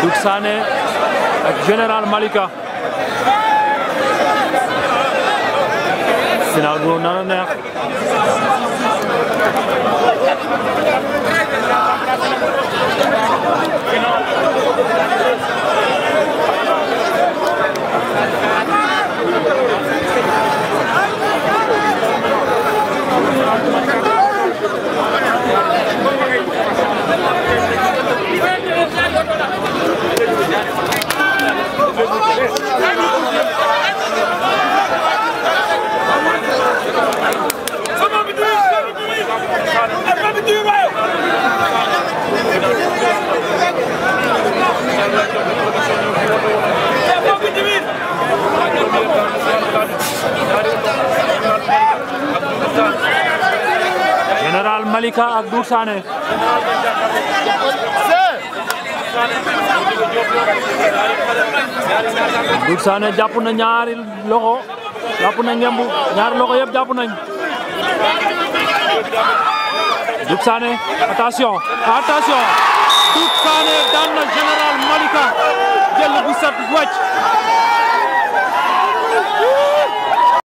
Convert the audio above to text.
Duksane, General Malika. inaugural none of that. Thank general Malika Abdul Shah ने Abdul Shah ने जाप ना ñaari loxo japp na ngembu ñaari loxo yëpp japp nañ Doudou Sané attention attention Doudou Sané daan na général Malika jël bu set wàcc